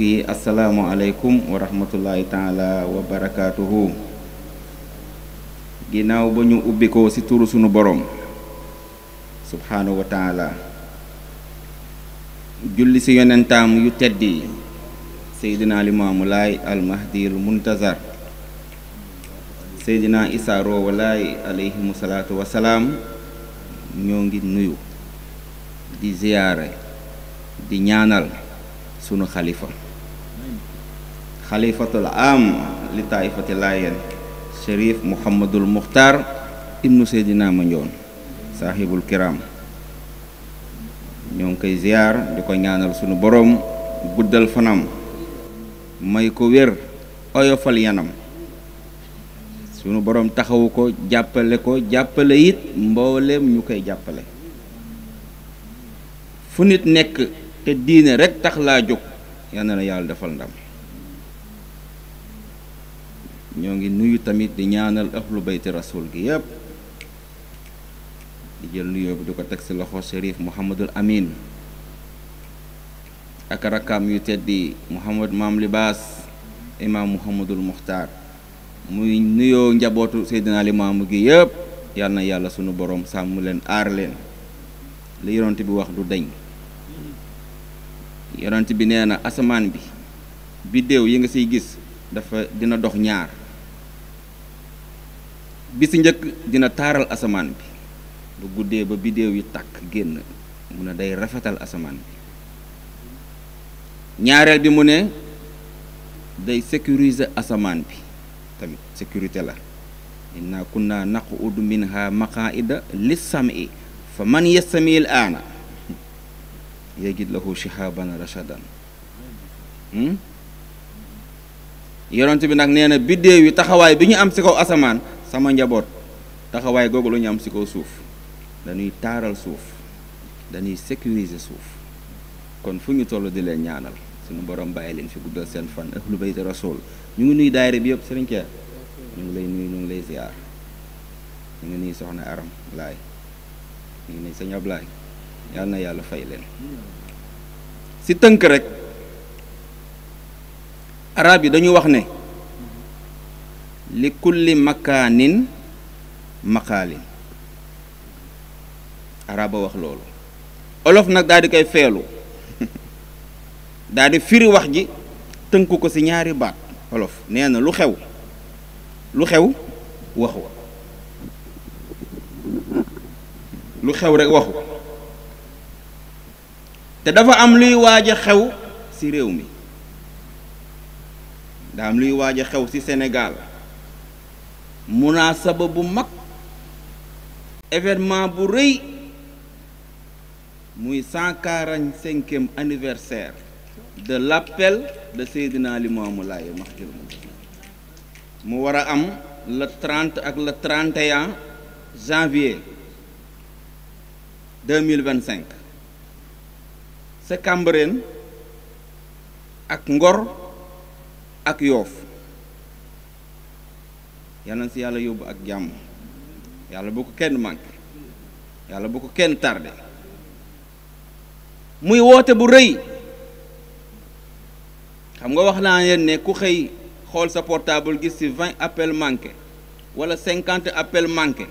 mbokk yi asalaamualeykum wa rahmatullahi taala wa ginnaaw ba ñu ubbi ci turu sunu boroom subhaanahu wa julli ci yonentaam yu tedd yi seydina limaamu laay almahdiyul muntazar seydina isaa roowa laay aleyhimu salaatu wasalaam ñoo ngi nuyu di ziyaare di ñaanal sunu xalifa xalifatul am li taifati laayeen Chérif Mouhamadul Muxtaar ibnu ma Mandione saahibul kiram ñoo ngi koy ziyaar di ko ñaanal sunu boroom guddal fanam may ko wér oyofal yanam sunu boroom taxawu ko jàppale ko jàppale it mbooleem ñu koy jàppale fu nit nekk te diine rekk tax laa jóg yal la yàlla defal ndam ñoo ngi nuyu tamit di ñaanal ahlu bayti rasul gi yépp di jël nuyoo bi di ko teg si loxo muhammadul amin ak rakam yu teddi muhammad mam libas imam muhammadul muxtaar muy nuyoo njabootu seydina limaamu gi yépp yàlla na yàlla sunu borom sàmm leen aar leen li yonent bi wax du dañ bi nee na asamaan bi biddéew yi nga siy gis dafa dina dox ñaar bi si njëkk dina taaral asamaan bi bu guddee ba biddéew yi takk génn mu ne day rafetal asamaan bi ñaareel bi mu ne day sécuriser asamaan bi tamit sécurité la inna kunna naqudu minha maqaida lissami fa man yastami l aana yajid lahu shihaban rashadan hmm? yonent bi nag nee na biddéew yi taxawaay bi ñu am si kaw asamaan sama njaboot taxawaay googu la ñu am si kaw suuf dañuy taaral suuf dañuy sécuriser suuf kon fu ñu toll di leen ñaanal suñu borom bàyyi leen fi guddal seen fan ahlu bayti rasul ñu ngi nuy daayira bi yëpp sëriñ Keer ñu ngi lay nuyu ñu ngi lay ziar ñu ngi nuy soxna aram laay ñu na yàlla fay leen si tënk rek arab yi dañu wax ne li kulli makaanin maqaalin araba wax loolu olof nag daal di koy feelu daal di wax ji tënku ko ci ñaari baat olof nee na lu xew lu xew waxu lu xew rek waxu te dafa am luy waaj a xew ci réew mi daa am luy waaj a xew ci senegaal munaasaba bu mag événement bu rëy muy cent quarante cinquième anniversaire de l'appel de Seydina Limamou Laye Mahjul mu war a am le 30 ak le 31 janvier 2025 sa Cambérène ak Ngor ak Yoof yal si yàlla yóbbu ak jàmm yàlla bu ko kenn manqué yàlla bu ko kenn tardé muy woote bu rëy xam nga wax naa leen ne ku xëy xool sa portable gis ci vingt appel manqué wala cinquante appel manqué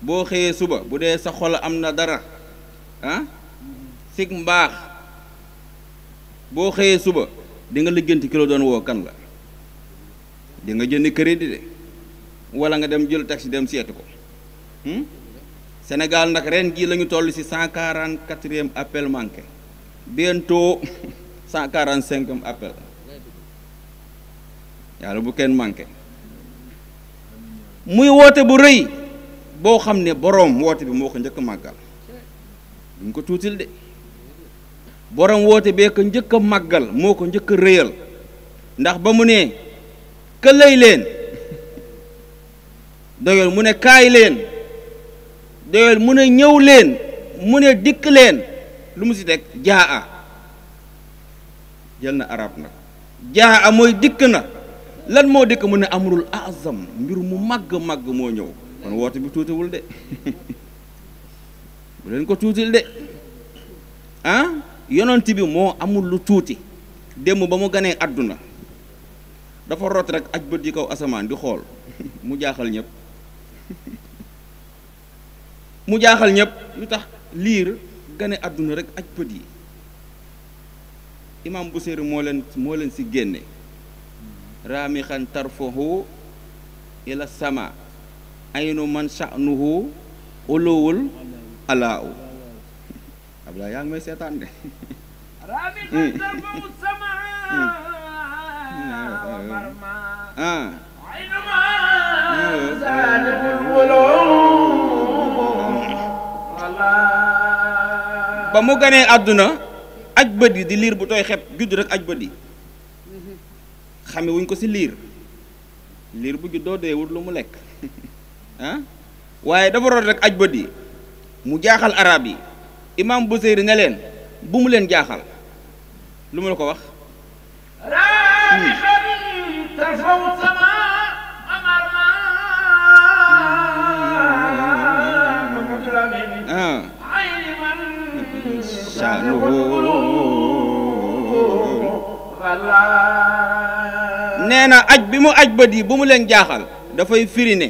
boo xëyee suba bu dee sa xol am na dara ah sig mbaax boo xëyee suba di nga lijjanti kilo doon woo kan la di nga jënd crédit de wala nga dem jël taxi dem seetu ko hmm? sénégal nag ren gi lañu toll ci 144e appel manqué bientôt 145e appel yàlla bu kenn manqué muy wote bu rëy boo xam borom bi ko de borom wote be ko njëkk a màggal moo ko ndax ba mu ne këlay leen doyal mu ne kaay leen doyal mu ne ñëw leen mu ne dikk leen lu mu si teg jaa a jël na arab nag jaa a mooy dikk na lan moo dikk mu ne amrul azam mbir mu màgg màgg moo ñëw kon woote bi tuutiwul de bu leen ko tuutil de ah yonent bi moo amul lu tuuti démb ba mu ganee àdduna dafa rot rek aj bët yi kaw asamaan di xool mu jaaxal ñëpp mu jaaxal ñëpp lu tax liir gane àdduna rek aj bët yi imaam Busiri moo leen moo leen si génne raamixan tarfahu ila sama aynu man sha'nuhu ulowul alaaw abla yaa ngi may seetaan de hmm. tarfahu sama hmm. Hmm. ah ba mu ganee àdduna aj bët yi di liir bu tooy xeb judd rek aj bët yi xame wuñ ko ci liir liir bu juddoo deewut lu mu lekk ah? waaye dafa root rek aj bët yi mu jaaxal araab yi imaam Buseyri ne leen bu mu leen jaaxal lu mu la ko wax شأنه aj bi mu aj badi bu mu leen jaaxal dafay firi ne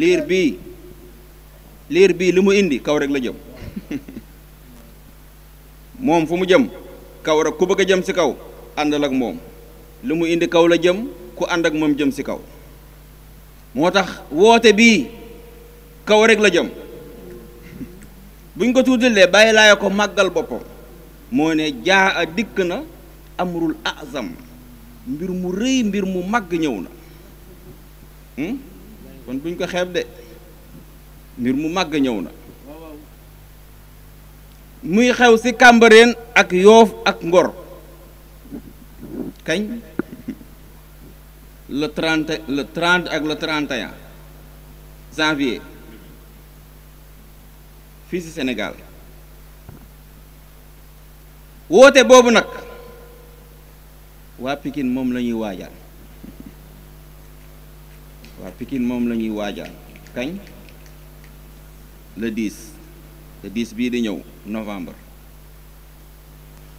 liir bi, liir bi, li indi kaw rek la jëm moom fu mu jëm kaw rek ku bëgg jëm si kaw àndal ak mom, li indi kaw la jëm ku ànd ak mom jëm si kaw moo tax woote kaw rek la jëm buñ ko tuutalee bàyyi laaya ko màggal boppam moo ne jaa a dikk na amrul azam mbir mu rëy mbir mu màgg ñëw na hmm? kon buñ ko xeeb de mbir mu màgg ñëw na muy xew ci Cambérène ak Yoof ak Ngor kañ le 30 le 30 ak le 31 janvier fii si Sénégal woote boobu nag waa pikin moom la ñuy waajal waa Pikine moom la ñuy waajal kañ le 10 le 10 bii di ñëw novembre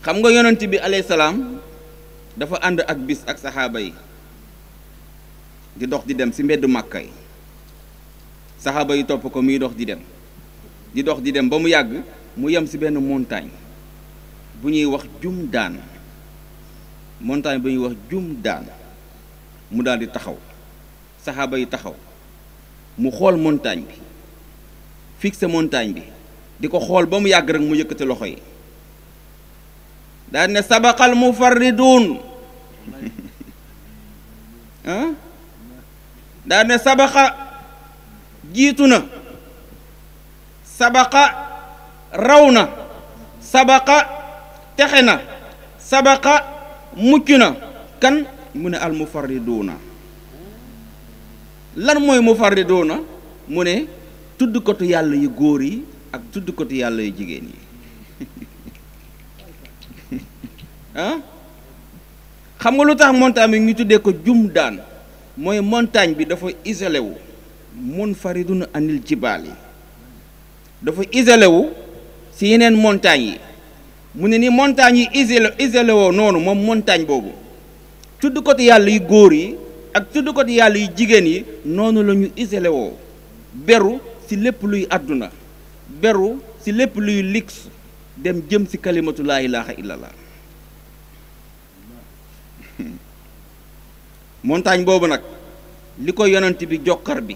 xam nga yonent bi alayhi salaam dafa ànd ak bis ak saxaaba yi di dox di dem si mbedd màkka yi saxaaba yi topp ko muy dox di dem di dox di dem ba mu yàgg mu yem si benn montagne bu ñuy wax jumdan, daan montagne bu ñuy wax jum mu daal di taxaw saxaaba yi taxaw mu xool montagne bi fixé montagne bi di ko xool ba mu yàgg rek mu yëkkati loxo yi ne sabaqal mufarridun ne sabaqa sabaqa raw na sabaqa texe na sabaqa mucc na kan mu ne al mufarriduuna lan mooy mufarriduuna mu ne tuddkatu yàlla yu góor yi ak tuddkatu yàlla yu jigéen yi ah xam nga lu tax montagne bi ñu tuddee ko jum daan mooy montagne bi dafa isolé wu mun faridun anil baal yi dafa isolé wu si yeneen montagnes yi mu ne ni montagnes yi isolé isolé woo noonu moom montagne boobu tudd tuddkat yàlla yi góor yi ak tudd tuddkat yàlla yu jigéen yi noonu la ñu isolé woo beru ci lépp luy àdduna beru ci lépp luy lix dem jëm si kalimatu laa ilaaha illallah montagne boobu nag li ko yonant bi jokkar bi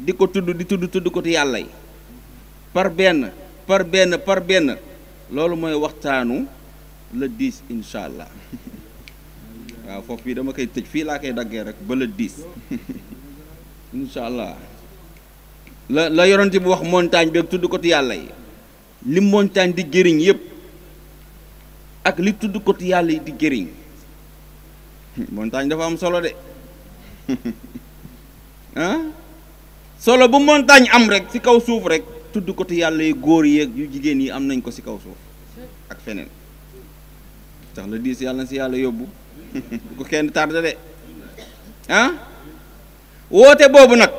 di ko tudd di tudd tudd ko yàlla yi par benn par Lalu par benn loolu mooy waxtaanu le 10 incha allah waaw foofu bi dama koy tëj fii rek ba le 10 allah la la yonente bi wax montagne beeg tudd ko yàlla yi li montagne di jëriñ yep ak li tudd ko yàlla yi di jëriñ montagne dafa am solo de ah solo bu montagne am rek ci kaw suuf rek. tudd ko te yàlla yi góor yeeg yu jigéen yi am nañ ko ci kaw suuf ak feneen tax la diis yàlla na si yàlla yóbbu bu ko kenn tardé de ah woote boobu nag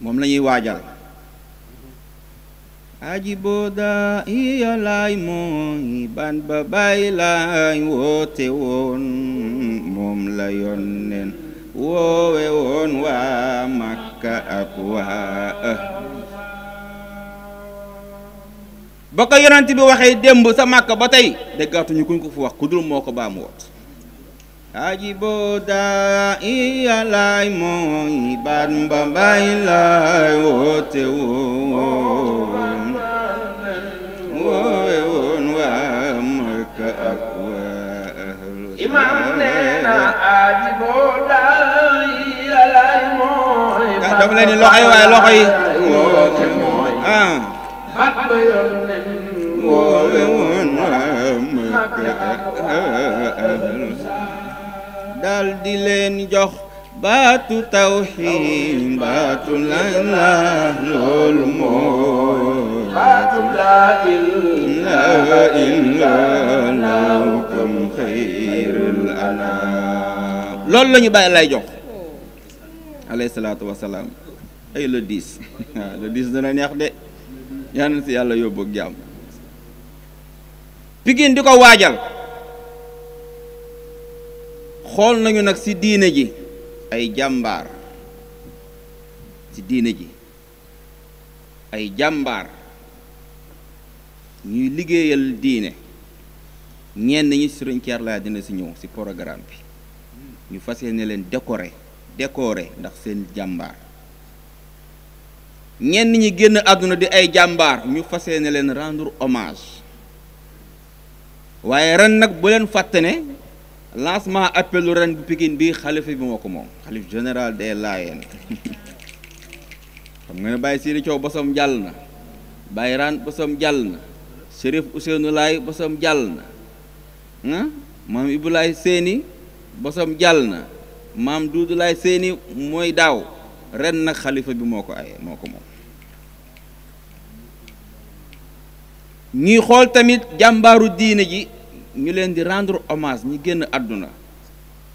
moom lañuy waajal aji booda iya laay mooy ban ba bàyyi laay woote moom la yoon neen woowe woon waa Makka ak waa ba ko yonent bi waxee démb sa Makka ba tey déggaatuñu kuñ ko fu wax ku moo ko baam woot ajiboo daa iya laay mooy Bamba Mbaay laay woote woon dafa leen ni loxo yi ah. jox baatu tawxiid baatu la ilaha la ilaha illa law kam xayril anam lay jox alayhi salaatu wasalaam ay le 10 waaw le dana neex de yaanan si yàlla yóbbu ak jàmm Pikine di ko waajal xool nañu nag si diine ji ay jàmbaar si ji ay jàmbaar ñuy liggéeyal diine ñenn ñi Serigne Thier laa dina si ñëw si programme bi ñu fas yéene leen décorer décoré ndax seen jàmbaar ñenn ñi génn àdduna di ay jàmbaar ñu fas yéene leen rendre hommage waaye ren nag bu leen fàtte ne lancement appelu ren bu Pikine bi xalifa bi moo ko moom xalif général des Layènes xam nga ne Baye Sidi Coow bosom jàll na Baye Raan bosom jàll na Chérif Ousseynou Laay bosom jàll na ah, maam Ibulaay Seeni bosom jàll na maam Duudu seeni mooy daaw ren nag xalifa bi moo ko aye moo ko moom ñuy xool tamit jàmbaaru diine ji ñu leen di rendre hommage ñi génn àdduna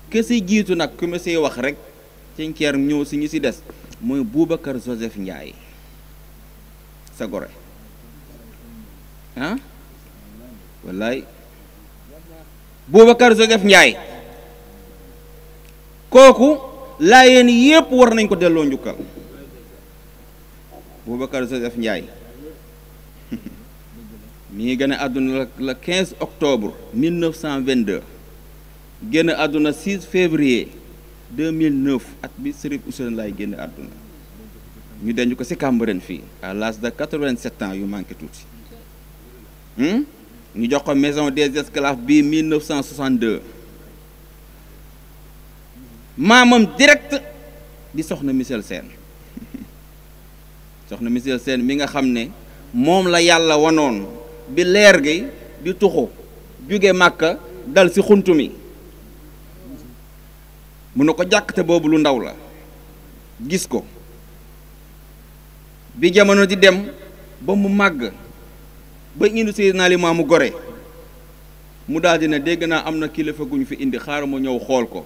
ke si jiitu nag ku ma siy wax rek ci ñëw si ñu si des mooy Boubacar Joseph Ndiaye sa gore ah wallaay Boubacar Joseph Ndiaye kooku laayeen yépp war nañ ko delloo njukkal Boubacar Joseph Ndiaye mi ngi gën a àdduna le 15 octobre 1922 génn àdduna 6 février 2009 at bi Serigne Ousseynou Laye génn àdduna ñu denc ko ci Cambérène fii à l'âge de 87 ans yu manqué tuuti hmm? ñu jox ko maison des esclaves bi 1962 maamam direct di soxna Michel seen soxna Michel seen mi nga xam ne moom la yàlla wanoon bi leer gi di tuxu jóge màkka dal ci xunt mi mu ne ko jàkkte boobu lu ndaw la gis ko bi jamono di dem ba mu màgg ba indi Seydina Limaamu gore mu daal dina dégg naa am na kilifa gu ñu fi indi xaaral ma ñëw xool ko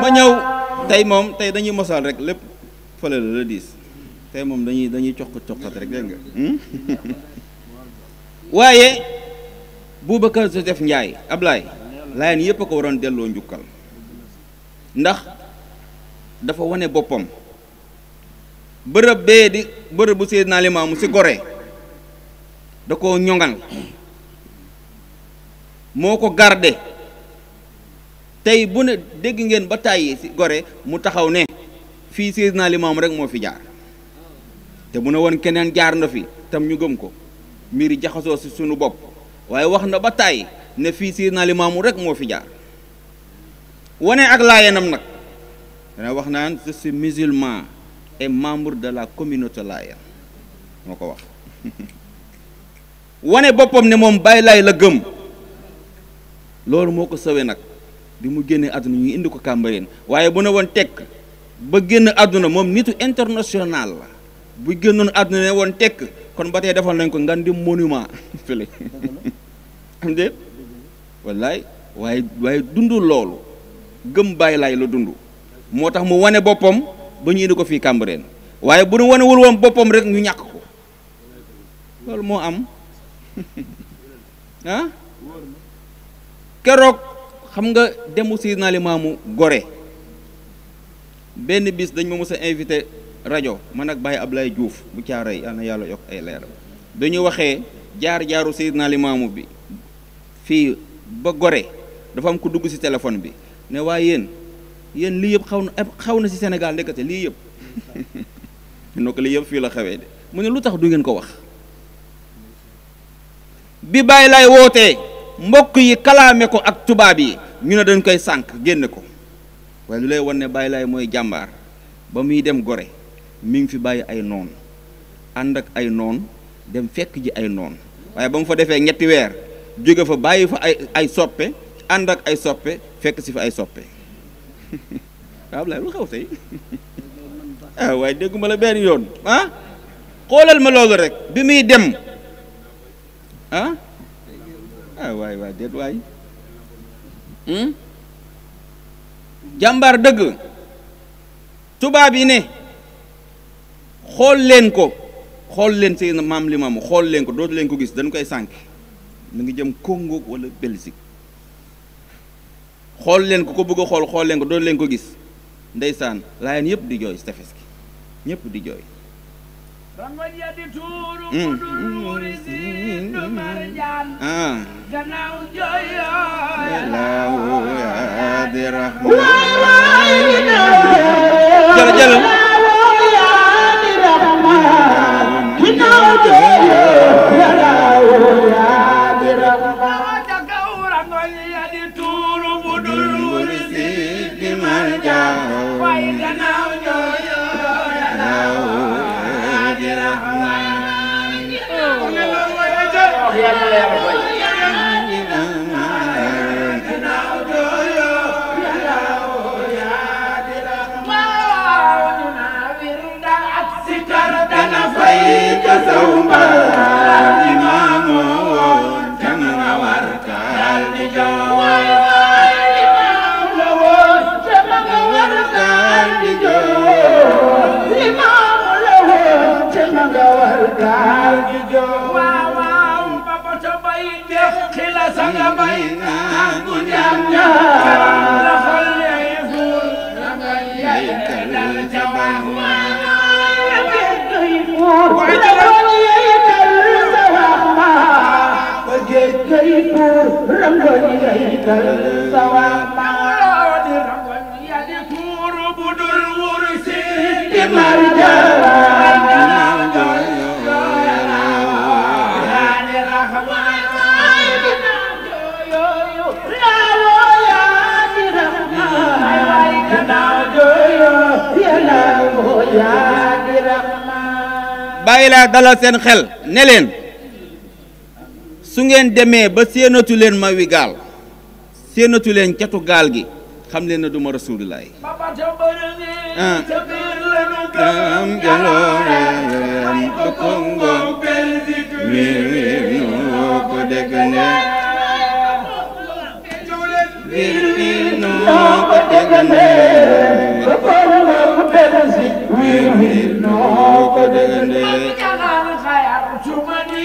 ma ñëw tey moom tey dañuy mosal rek lépp fële la la diis tey moom dañuy dañuy coq coqat rek dégg nga hmm? waaye Boubacar Joseph Ndiaye Ablaye Layeen yépp a ko waroon delloo njukkal ndax dafa wane boppam bërëb bee di bërëb bu Seydina Limaamu si Gorée da ko ñoŋal moo ko garde tey bu ne dégg ngeen ba tàyyi si Gorée mu taxaw ne fii Seydina Limaamu rek moo fi jaar te bu ne woon keneen jaar na fi tam ñu gëm ko mbir jaxasoo ci sunu bopp waaye wax na ba tàyyi ne fii Seydina Limaamu rek moo fi jaar wane ak laayenam nag dana wax naan je suis musulman et membre de la communauté laayen moo wax wane boppam ne moom bàyyi laay la gëm loolu moo ko sawe nag bi mu génnee àdduna ñu indi ko Cambérène waaye bu ne woon tekk ba génn àdduna moom nitu international la bu ne kon defal nañ ko monument déet wallaay waaye waaye dundul loolu gëm bàyyi laay la dund moo tax mu wane boppam ba ñu indi ko fii Cambérène waaye bu nu wane wul woon boppam rek ñu ñàkk ko loolu moo am ah keroog xam nga demu si naa li maamu gore benn bis dañ ma mës a invité rajo man ak ab laay Diouf bu caaray yal na yàlla yokk ay leeram dañu waxee jaar jaaru Seydina Limaamu bi fii ba gore dafa am ku dugg ci téléphone bi ne waaye yéen yéen lii yëpp xaw na xaw na ci Sénégal ndekete lii yëpp noo ko lii yëpp fii la xewee de mu ne lu tax du ngeen ko wax bi bàyyi lay wootee mbokk yi kalaame ko ak tubaab yi ñu ne dañ koy sànq génne ko waaye lu lay wan ne bàyyi lay mooy jàmbaar ba muy dem gore mu ngi fi bàyyi ay noon ànd ak ay noon dem fekk ji ay noon waaye ba mu fa defee ñetti weer jóge fa bàyyi fa ay ay soppe ànd ak ay soppe fekk si fa ay soppe waaw Ablaay lu xew tey ah, waaye dégguma la benn yoon ah xoolal ma loolu rek bi muy dem ah, ah waay waay hmm? jàmbaar dëgg tubaab yi ne xool leen ko xool leen seen maam li maamu xool leen ko dootu leen ko gis dañu koy sànk mu ngi jëm Congo wala Belgique xool leen ko ko bëgg a xool xool leen ko doon leen ko gis ndeysaan laayeen yëpp di jooy tefes gi ñëpp di jooy jël jël Sawa bàyyi laa dalal seen xel ne su ngeen demee ba séenatu leen ma wi gaal séenatu leen catu gaal gi xam leen ne duma rasulullah ah. noo ko dégande jaxal xayar suma di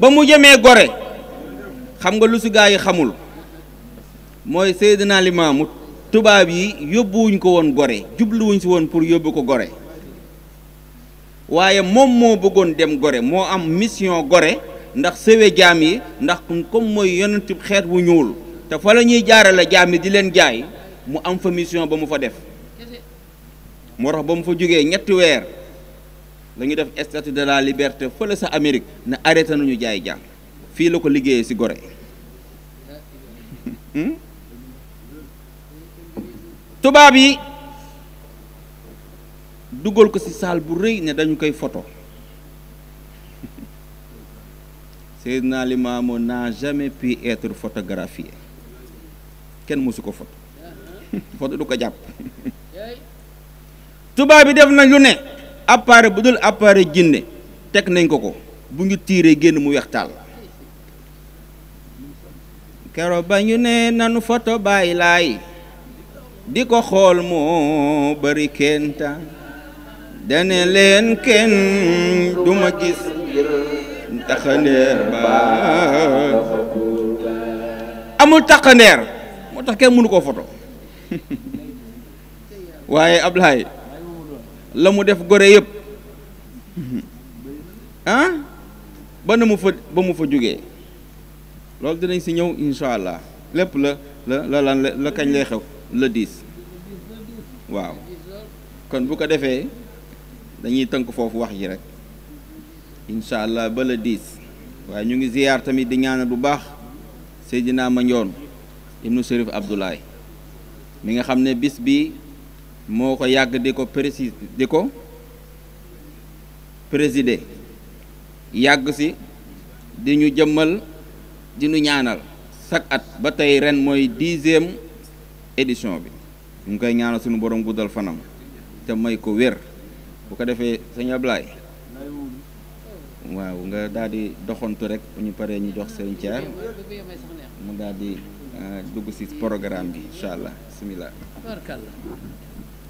ba mu jëmee gore xam nga lu si gaa yi xamul mooy sedd Seydina Limaamu tubaab yi yóbbuwuñ ko woon gore jubluwuñ si woon pour yóbbu ko gore waaye moom moo bëggoon dem gore moo am mission gore ndax sëwe jaam yi ndax comme mooy yonent xeet wu ñuul te fa la ñuy jaarale jaam yi di leen jaay mu am fa mission ba mu fa def moo tax ba mu fa jógee ñetti weer la def statue de la liberté fële sa Amérique ne arrêté nañu jaay jàng fii la ko liggéeyee ci Gorée hmm? tubaab yi dugal ko ci saal bu rëy ne dañu koy photo Seydina Limaamu n'a jamais pu être photographié kenn mësu ko photo photo du ko jàpp tubaab bi def nañ lu ne appareil bu dul appareil jinne teg nañ ko ko bu ñu tiiree génn mu weex tàll kero ba ñu ne nanu photo bàyyi laay di ko xool moo bari kenta dane leen kenn duma gis taxandeer ba amul taxandeer moo tax kenn mënu koo photo waaye Ablaye la mu def gore yëpp ah ba na mu fa ba mu fa jógee loolu dinañ si ñëw incha allah lépp la la la lan la kañ lay xew le 10 waaw kon bu ko defee dañuy tënk foofu wax ji rek incha allah ba le 10 waaye ñu ngi ziyaar tamit di ñaanal bu baax Seydina Mandione ibnu Serif Abdoulaye mi nga xam ne bis bi moo ko yàgg di ko prési di ko présider yàgg si di ñu jëmmal di ñu ñaanal chaque at ba tey ren mooy dixième édition bi ñu nga koy ñaanal suñu borom guddal fanam te may ko wér bu ko defee sëñ Ablaye waaw nga daal di doxantu rek bu ñu paree ñu jox sëñ Thiar mu daal di euh, dugg si programme bi incha allah bisimilah.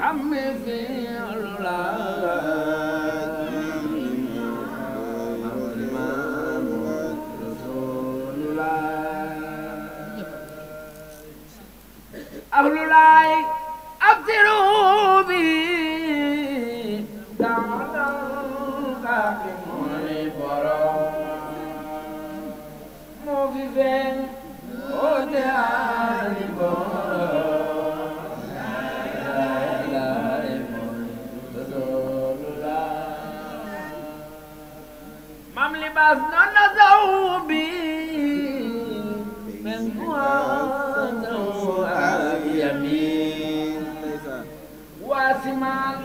أهل لاي أبدلوا بي mam libaas na nazaw bi min huwa yamin wasimal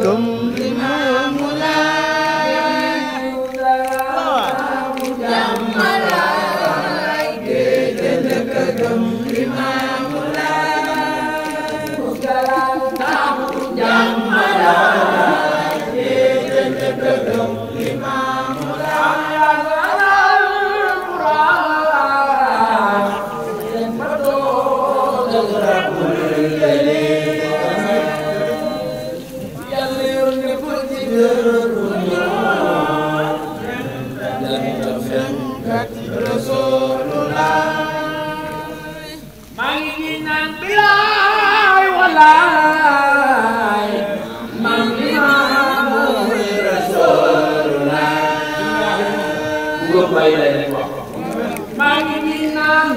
gëm maa ngi nii naan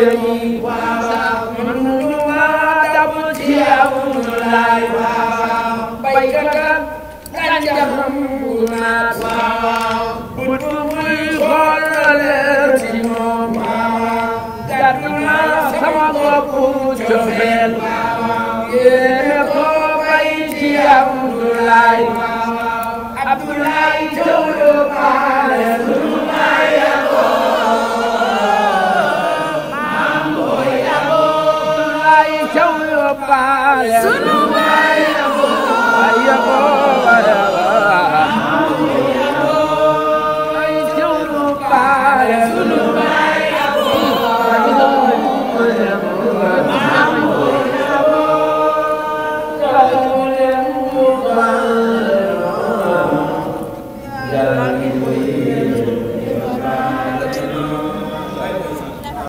ni waaw mënuñu maa damm ci Abdoulaye waaw baykat gàncax mu naat waaw bët muy xool la leer ci moom waaw gàtt naa sama bopp cofeel yéene ko bay ci Abdoulaye Abdoulaye Diop baale sunu baay yaboo